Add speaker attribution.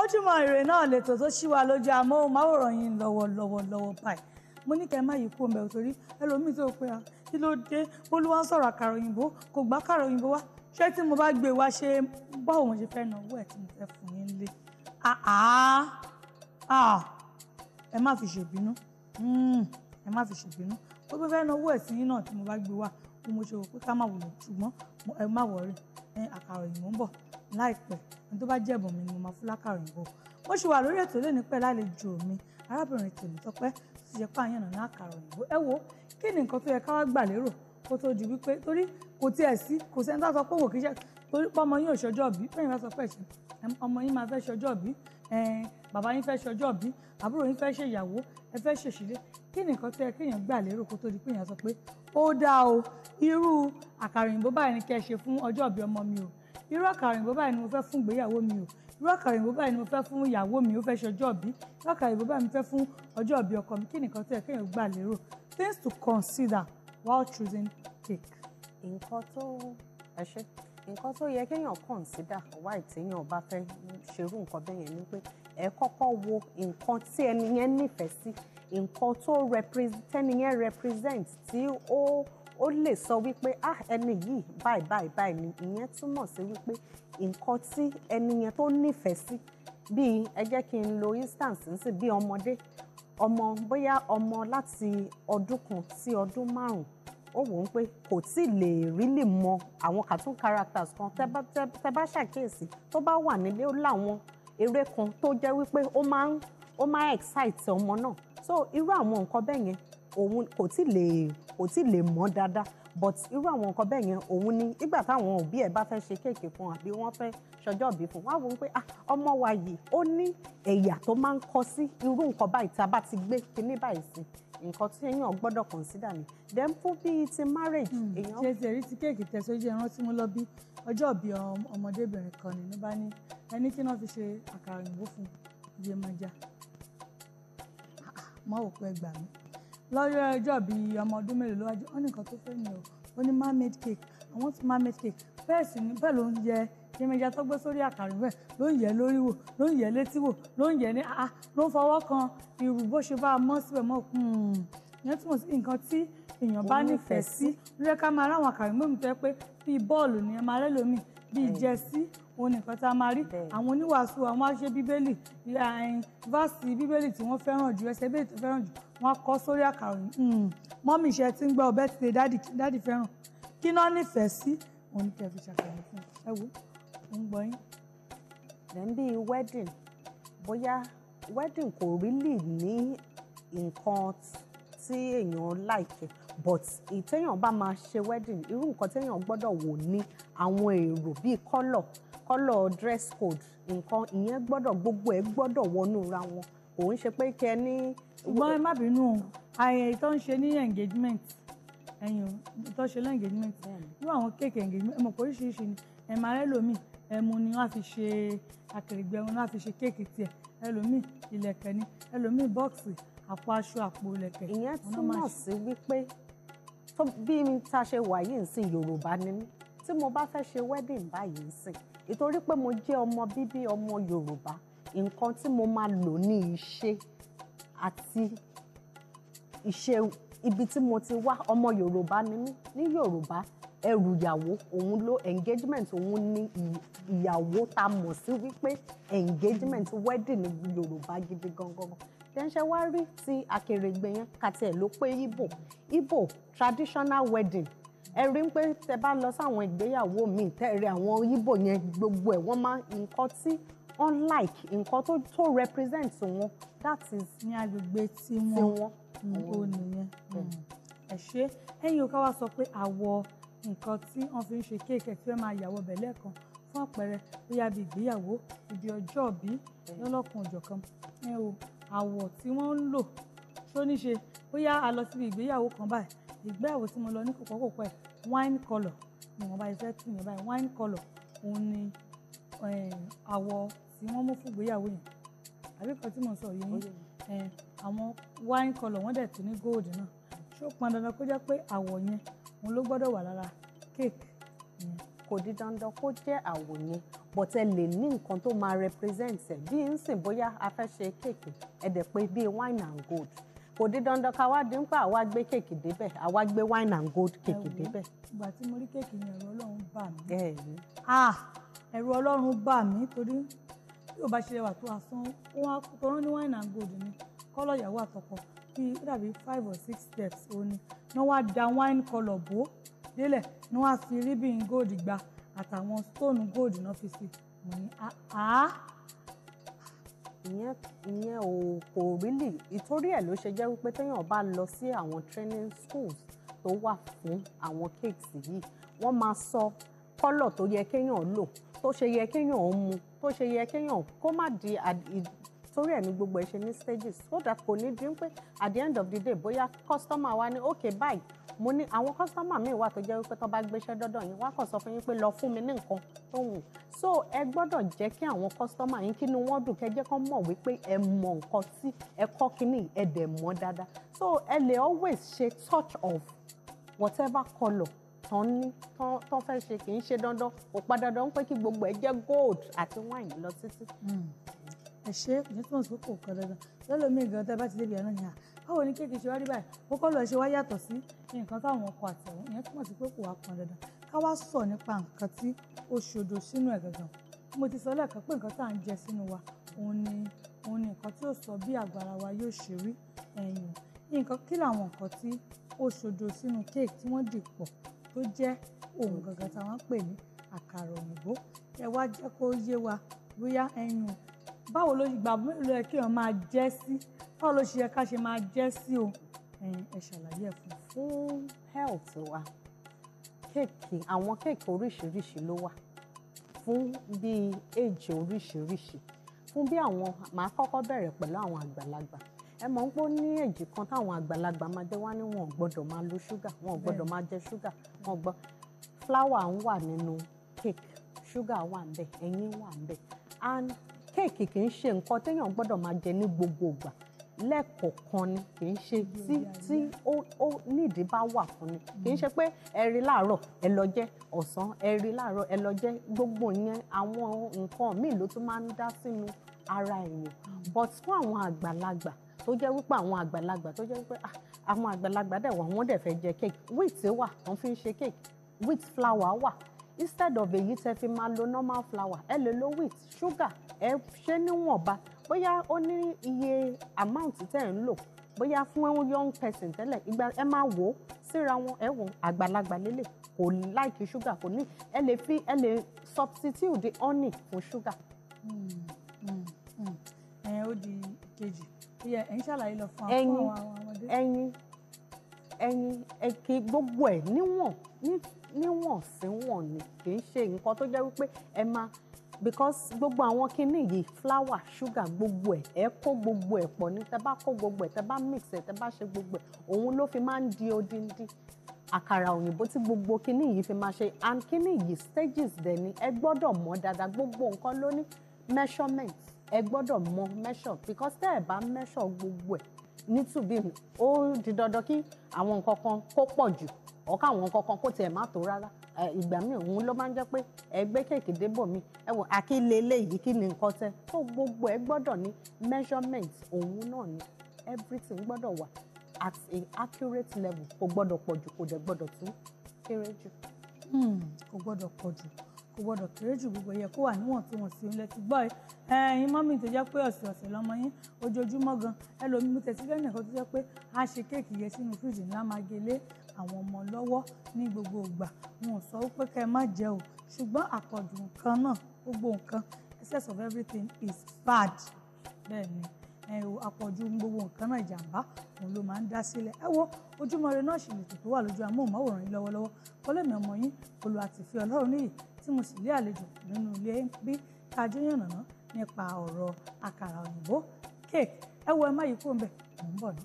Speaker 1: Ojúmọ́ Ire náà lètò tó ṣí wa lójú amóhùnmáwòrán yìí lọ́wọ́lọ́wọ́ báyìí mo ní kẹ́ ẹ má yí kúrò mẹ́wò torí ẹlòmíì tó pe à kí ló dé olúwa ń sọ̀rọ̀ àkàrà òyìnbó kò gbá àkàrà òyìnbó wá ṣé tí mo bá gbé wá ṣe báwo mo ṣe fẹ́ náwó ẹ̀ tí mo fẹ́ fún yín lé ẹ má fi ṣèbínú hmm, ẹ má fi ṣèbínú ó gbé fẹ́ náwó ẹ̀ sí yín náà tí mo bá gbé wá mo ṣe rò pé ká má wò lò ṣùgbọ́n ẹ má wọ̀ọ́rì àkàrà òyìnbó ń bọ̀ láìpẹ́ ẹni tó bá jẹ́ mi ni mo máa fún lákàrà òyìnbó mo ṣì wà lórí ètò lẹ́nu pẹ̀lú àlejò mi arábìnrin tèmi tọpẹ́ ti jẹ́ pààyàn náà ní àkàrà òyìnbó ẹ wo kí ni nǹkan tó yẹ káwá gbà lérò kó tó di wípé torí kò tiẹ̀ sí kò sẹ́ni tó sọ pé wò kí iṣẹ́ torí pé ọmọ yín ò ṣọjọ́ bí bẹ́ẹ̀ ni wọ́n sọ pé ẹ̀ṣẹ̀ ọmọ yín máa fẹ́ ṣọjọ́ bí bàbá yín fẹ́ ṣọjọ́ bí àbúrò yín fẹ́ ṣe ìyàwó ẹ fẹ́ ṣèṣílé kí ni nǹkan tó yẹ kéèyàn gbà lérò kó tó di pé èèyàn sọ pé ó dáa o irú àkàrà òyìnbó báyìí ni kẹ́ ẹ ṣe fún ọjọ́ ìbí ọmọ mi o irú àkàrà báyìí ni mo fẹ́ fún ìgbéyàwó mi o irú àkàrà báyìí ni mo fẹ́ fún ìyàwó mi ó fẹ́ ṣe ọjọ́ ìbí irú àkàrà báyìí ni mo fẹ́ fún ọjọ́ ìbí ọkọ mi kí nìkan tí kéèyàn gbà lérò things to consider while choosing cake.
Speaker 2: nǹkan tó ẹ ṣe nǹkan tó yẹ kéèyàn consider wá ìtẹ̀yàn bá fẹ́ ṣerú nǹkan bẹ́ẹ̀ yẹn ni pé ẹ kọ́kọ́ wo nǹkan tí ẹni yẹn nífẹ̀ẹ́ sí nǹkan tó ẹni yẹn represent tí ó ó lè sọ wípé ah ẹni yìí báyìí báyìí báyìí ni ìyẹn túmọ̀ sí wípé nǹkan tí ẹni yẹn tó nífẹ̀ẹ́ sí bíi ẹ jẹ́ kí n lo instance ń sìn bíi ọmọdé ọmọ bóyá ọmọ láti ọdún kan sí ọdún márùn-ún ó wò ó pé kò tí lè rí lè mọ àwọn cartoon characters kan tẹ bá ṣàkíyèsí tó bá wà nílé ó láwọn eré kan tó jẹ́ wípé ó máa ń ó máa ń excite ọmọ náà so irú àwọn nǹkan bẹ́ẹ̀ yẹn òun kò tí lè kò tí lè mọ̀ dáadáa but irú àwọn nǹkan bẹ́ẹ̀ yẹn òun ni nígbà táwọn òbí ẹ̀ bá fẹ́ ṣe kéèké fún àbí wọ́n fẹ́ ṣọjọ́ òbí fún wọ́n á wò ó pé ah, ọmọ wa yìí ó ní ẹ̀yà tó máa ń kọ́ sí irú nǹkan báyìí tá a bá ti gbé kinní báyìí sí nǹkan tí èèyàn gbọ́dọ̀ consider ni then fún bíi ti marriage hmm, èèyàn. ṣe ti ẹ̀rí ti kéèkì tẹ̀sọ́jú
Speaker 1: ẹran tí mo lọ bí ọjọ́ òbí ọmọdébìnrin kan ni bá ní ẹni tí wọ́n fi ṣe àkàrà òyìnbó fún iye máa já máa wò lọ́jọ́ ọjọ́ bí ọmọ ọdún mélòó ló wájú ó ní nǹkan tó fẹ́ mi o ó ní mermaid cake i want mermaid cake bẹ́ẹ̀ sì ni bẹ́ẹ̀ ló ń yẹ jẹmẹjà tó gbé sórí àkàrí bẹ́ẹ̀ ló ń yẹ lórí wò ló ń yẹ létí wò ló ń yẹ ní a ah, ah, ló ń fọwọ́ kan irú bó ṣe bá a mọ́ síbẹ̀ mọ́ hmm. ìyẹn túmọ̀ sí nǹkan tí èèyàn bá nífẹ̀ẹ́ sí ló yẹ ká máa ráwọn àkàrí mọ́ mi tó pé bíi bọ́ọ̀lù ni ẹ máa rẹ́ lómi bíi jẹsí òun nìkan tá a máa rí àwọn oníwàásù àwọn aṣẹ bíbélì eh, fásitì bíbélì tí wọ́n fẹ́ràn jù ẹsẹ̀ bíbélì tó fẹ́ràn jù wọ́n kọ sórí àkàrà òyìn hmm. mọ́mì iṣẹ́ tí ń gbọ́ ọbẹ̀ ti dádì dádì fẹ́ràn kí náà nífẹ̀ẹ́ sí
Speaker 2: òun kẹ́ fi ṣàkàrà fún ẹ wo ń gbọ́ yín. rẹ̀ ń bí wedding bóyá wedding kò rí lè ní nǹkan tí èèyàn láìkẹ́ but ìtẹ́yàn bá máa ṣe wedding irú nǹkan tẹ́yàn gbọ́dọ̀ wò ní àwọn èrò bíi kọ́lọ̀ kọ́lọ̀ dress code nǹkan ìyẹn gbọ́dọ̀ gbogbo ẹ̀ gbọ́dọ̀ wọnú ra wọn kò ń ṣe pé kẹ ní. ṣùgbọ́n ẹ
Speaker 1: má bínú ayẹ tó ń ṣe ní engagement ẹ̀yìn tó ń ṣe ní engagement irú àwọn kéèkì engagement ẹ oríṣiríṣi ni ẹ̀ máa rẹ́ lómi ẹmu ni wọ́n á fi ṣe akèrègbè wọn á fi ṣe kéèkì tiẹ̀ ẹlòmíì ilẹ̀kẹ̀ ni ẹlòmíì bọ́ọ̀sì àpò aṣọ àpò ìlẹ̀kẹ̀. ìyẹn
Speaker 2: túmọ̀ sí wípé bí mi ta ṣe wà yìí ń sìn yorùbá ni mí tí mo bá fẹ́ ṣe wedding báyìí ń sìn ìtorí pé mo jẹ́ ọmọ bíbí ọmọ yorùbá nǹkan tí mo máa lò ní iṣẹ́ àti ìṣe ibi tí mo ti wá ọmọ yorùbá ni mí ní yorùbá ẹrù ìyàwó òun ló engagement òun ní ìyàwó tá mọ̀ sí wípé engagement wedding ní yorùbá gidi gangan tẹ́ńṣẹ́ wá rí ti àkèrègbè yẹn kàtẹ́ ló pé ibo ibo traditional wedding ẹ rí pé tẹ bá lọ sáwọn ìgbéyàwó míì tẹ rí àwọn ibo yẹn gbogbo ẹ wọn máa nǹkan tí unlike nǹkan tó tó represent wọn that is. ní agbègbè tí wọn ò nìyẹn
Speaker 1: ẹ ṣe ẹ̀yin ò ká wá sọ pé àwọ̀ nǹkan tí wọ́n fi ń ṣe kéèkì ẹ̀ tí wọ́n máa yàwọ̀ bẹ̀ lẹ́ẹ̀kan fún àpẹẹrẹ bóyá bíi ìgbéyàwó ibi ọjọ́ òbí lọ́lọ́kùn òjọ̀kan ẹ o àwọ̀ tí wọ́n ń lò tó ní ṣe bóyá a lọ síbi ìgbéyàwó kan báyìí ìgbéyàwó tí mo lọ ní kòkó kòkó ẹ̀ wine colour ni wọ́n bá ṣe tì yẹn báyìí wine colour òun ni àwọ̀ tí wọ́n mú fún ìgbéyàwó yẹn àbí kan tí mo sọ yìí àwọn wine colour wọ́n dẹ̀ tún ní
Speaker 2: gold náà ṣó pọn dandan kó jẹ́ pé àwọ̀ yẹn òun ló gbọ́dọ̀ wà lára cake kò di dandan kó jẹ́ àwò yẹn lè ní nǹkan tó máa represent ẹ̀ bí n sìn bóyá a fẹ́ ṣe kéèkì ẹ̀dẹ̀ pé bíi wine and gold kò di dandan ká wá di ń pa àwa gbé kéèkì débẹ̀ àwa gbé wine and gold kéèkì débẹ̀.
Speaker 1: ìgbà tí mo rí kéèkì yẹn ẹ̀rọ ọlọ́run bà mí.
Speaker 2: ẹ̀rọ ọlọ́run bà mí torí bí
Speaker 1: o bá ṣe wà tó asán wọn á kó tọrọ ní wine and gold ni kọ́lọ̀ ìyàwó àtọkọ bíi ó dàbí five or six steps òní náà wá da wine kọlọ̀ bò délẹ̀ ni wọ́n á fi ribbon gold gba àtàwọn stone gold náà fi sí
Speaker 2: mo ní àá. ìyẹn ìyẹn ò kò rílì ìtorí ẹ̀ ló ṣe jẹ́ wípé téèyàn bá lọ sí àwọn training schools tó wà fún àwọn cakes yìí wọ́n máa sọ kọ́lọ̀ tó yẹ kéèyàn lò tó ṣe yẹ kéèyàn mu tó ṣe yẹ kéèyàn kó má di torí ẹ̀ ní gbogbo ẹ̀ ṣe ní stages so that kò ní dín pé at the end of the day bóyá customer wa ní ok báyìí mo ní àwọn customer mi wà tó jẹ́ wípé tó bá gbéṣẹ́ dọ́dọ̀ yín wá kàn sọ fún yín pé lọ fún mi ní nǹkan tó wù so ẹ gbọ́dọ̀ jẹ́ kí àwọn customer yín kí ni wọ́n dùn kẹ́ jẹ́ kán mọ̀ wípé ẹ mọ nǹkan tí ẹ kọ́ kínní ẹ dẹ̀ mọ̀ dáadáa so ẹ lè always ṣe touch of whatever colour tán ní tán fẹ́ ṣe kì í ṣe dandan kò pa dandan pé kí gbogbo ẹ jẹ́ gold àti wine lọ títí hmm
Speaker 1: àṣé ìyẹn túmọ̀ sí pé kò kọ́ dandan lọ́lọ́mìn gan tẹ́ bá ti débi ẹ̀ràn yẹn à báwo ni kéèkì ṣe wá rí báyìí ó kọ́ lọ ṣe wá yàtọ̀ sí nǹkan táwọn ọkọ àtẹ̀wọ̀n ìyẹn túmọ̀ sí pé kò wá pọn dandan ká wá sọ̀ nípa nǹkan tí ó ṣodo sínú ẹ̀ gangan mo ti sọ lẹ́ẹ̀kan pé nǹkan tá à ń jẹ sínú wa òun ni òun ni nǹkan tí ó sọ bí àgbàrá wa yóò ṣe rí ẹ̀yìn nǹkan kí làwọn nǹkan tí ó ṣodo sínú kéèkì tí wọ́n dì tó jẹ́ ohun gangan táwọn pè ní àkàrà òyìnbó ẹ wá jẹ́ kó yé wa bóyá ẹ̀yìn báwo ló ìgbà mélòó yẹ kí èèyàn máa jẹ́ sí báwo ló ṣe yẹ ká ṣe máa jẹ́ sí o
Speaker 2: ẹ ṣàlàyé ẹ̀ fún. fún health wa kéèkì àwọn kéèkì oríṣiríṣi ló wà fún bíi èjì oríṣiríṣi fún bí àwọn màá kọ́kọ́ bẹ̀rẹ̀ pẹ̀lú àwọn àgbàlagbà ẹ mọ̀ ń pọ́ ní èjì kan táwọn àgbàlagbà máa dé wá ní wọn ò gbọ́dọ̀ máa lo ṣúgà wọn ò gbọ́dọ̀ máa jẹ ṣúgà wọn gbọ́ fúláwà ń wà nínú kéèkì ṣúgà wà ń bẹ̀ ẹyin wà ń bẹ̀ and kéèkì kì í ṣe nǹkan téèyàn gbọ́dọ̀ máa jẹ ní gbogbo ìgbà lẹ́ẹ̀kọ̀ọ̀kan ni kì í ṣe tí tí ó ó nídìí bá wà fún ni kì í ṣe pé ẹ láàárọ̀ ẹ ọ̀sán ẹ láàárọ̀ ẹ gbogbo yẹn àwọn nǹkan míì ló tún máa ń dá sínú ara èèyàn but fún àwọn àgbàlagbà tó jẹ́ wípé àwọn àgbàlagbà tó jẹ́ wípé ah, àwọn àgbàlagbà dẹ̀ wà wọ́n dẹ̀ fẹ́ jẹ cake wheat wà wọ́n fi ń ṣe cake wheat flour wà instead of èyí tẹ́ fi máa lo normal flour ẹ lè lo wheat sugar ẹ ṣe níwọ̀nba bóyá ó ní iye amount tẹ́ ẹ̀ ń lò bóyá fún young person tẹ́lẹ̀ ìgbà ẹ máa wò ó síra wọn ẹ wò àgbàlagbà lélẹ̀ kò láìkí ṣúgà kò ní ẹ lè fi ẹ lè substitute the honey for sugar. Hmm, hmm, hmm.
Speaker 1: ẹ ó di kejì ẹ ń ṣàlàyé lọ fún àwọn ọmọdé. ẹyin
Speaker 2: ẹyin ẹkẹ gbogbo ẹ níwọ̀n níwọ̀n sí wọn ni kì í ṣe nǹkan tó jẹ́ wípé ẹ máa because gbogbo àwọn kinní yìí flour sugar gbogbo ẹ̀ ẹ̀ kó gbogbo ẹ̀ pọ̀ ní tẹ́ bá kó gbogbo ẹ̀ tẹ́ bá mix ẹ̀ tẹ́ bá ṣe gbogbo ẹ̀ òun ló fi máa ń di odindi àkàrà òyìnbó tí gbogbo kinní yìí fi máa ṣe and kinní yìí stages dẹ̀ ni ẹ gbọ́dọ̀ mọ̀ dáadáa gbogbo nǹkan ló ní measurement ẹ gbọ́dọ̀ mọ̀ measure because tẹ́ ẹ̀ bá measure gbogbo ẹ̀ nítùbí ó di dandan kí àwọn nǹkan kan kó pọ̀ jù ọ̀ká àwọn nǹkan kan kó tiẹ̀ má tó rárá ìgbà míì òun ló máa ń jẹ́ pé ẹgbẹ́ kéèké débò mi ẹ̀wọ̀n àkílẹ̀ eléyìí kí ni nǹkan tẹ́ kó gbogbo ẹ gbọ́dọ̀ ní measurement òun náà ni everything gbọ́dọ̀ wà at a accurate level kò gbọ́dọ̀ pọ̀ jù kò dẹ̀ gbọ́dọ̀ tún kéré jù.
Speaker 1: Hmm. kò gbọ́dọ̀ pọ̀ jù kò gbọ́dọ̀ kéré jù gbogbo yẹ kó wà níwọ̀ntúnwọ̀nsì ńlẹ̀ ti gbọ́ ẹ ẹyin mọ́mí tó jẹ́ pé ọ̀sẹ̀ ọ̀sẹ̀ lọ́mọ yín ojoojúmọ́ gan ẹlòmíì tẹ̀síkẹ́ nìkan tó jẹ́ pé a ṣe kéèkì yẹ sínú fíríjì ńlá máa gelé àwọn ọmọ lọ́wọ́ ní gbogbo ìgbà wọn ò sọ pé kẹ́ ẹ má jẹ o ṣùgbọ́n àpọ̀jù nǹkan náà gbogbo nǹkan excess of everything is bad bẹ́ẹ̀ ni àpọ̀jù gbogbo nǹkan náà ìjàmbá òun ló máa ń dá sílẹ̀ ẹ wo Ojúmọ́ Ire náà ṣèlètò tó wà lójú amóhùnmáwòrán yìí lọ́wọ́lọ́wọ́ kọ́lẹ́mì ọmọ yín Olúwatífẹ́ Ọlọ́runníyì tí mo sì lé àlejò nínú ilé bí tájú yànnàná nípa ọ̀rọ̀ àkàrà òyìnbó cake ẹ wo ẹ má yí kó ń bẹ̀ mò ń bọ̀ ni.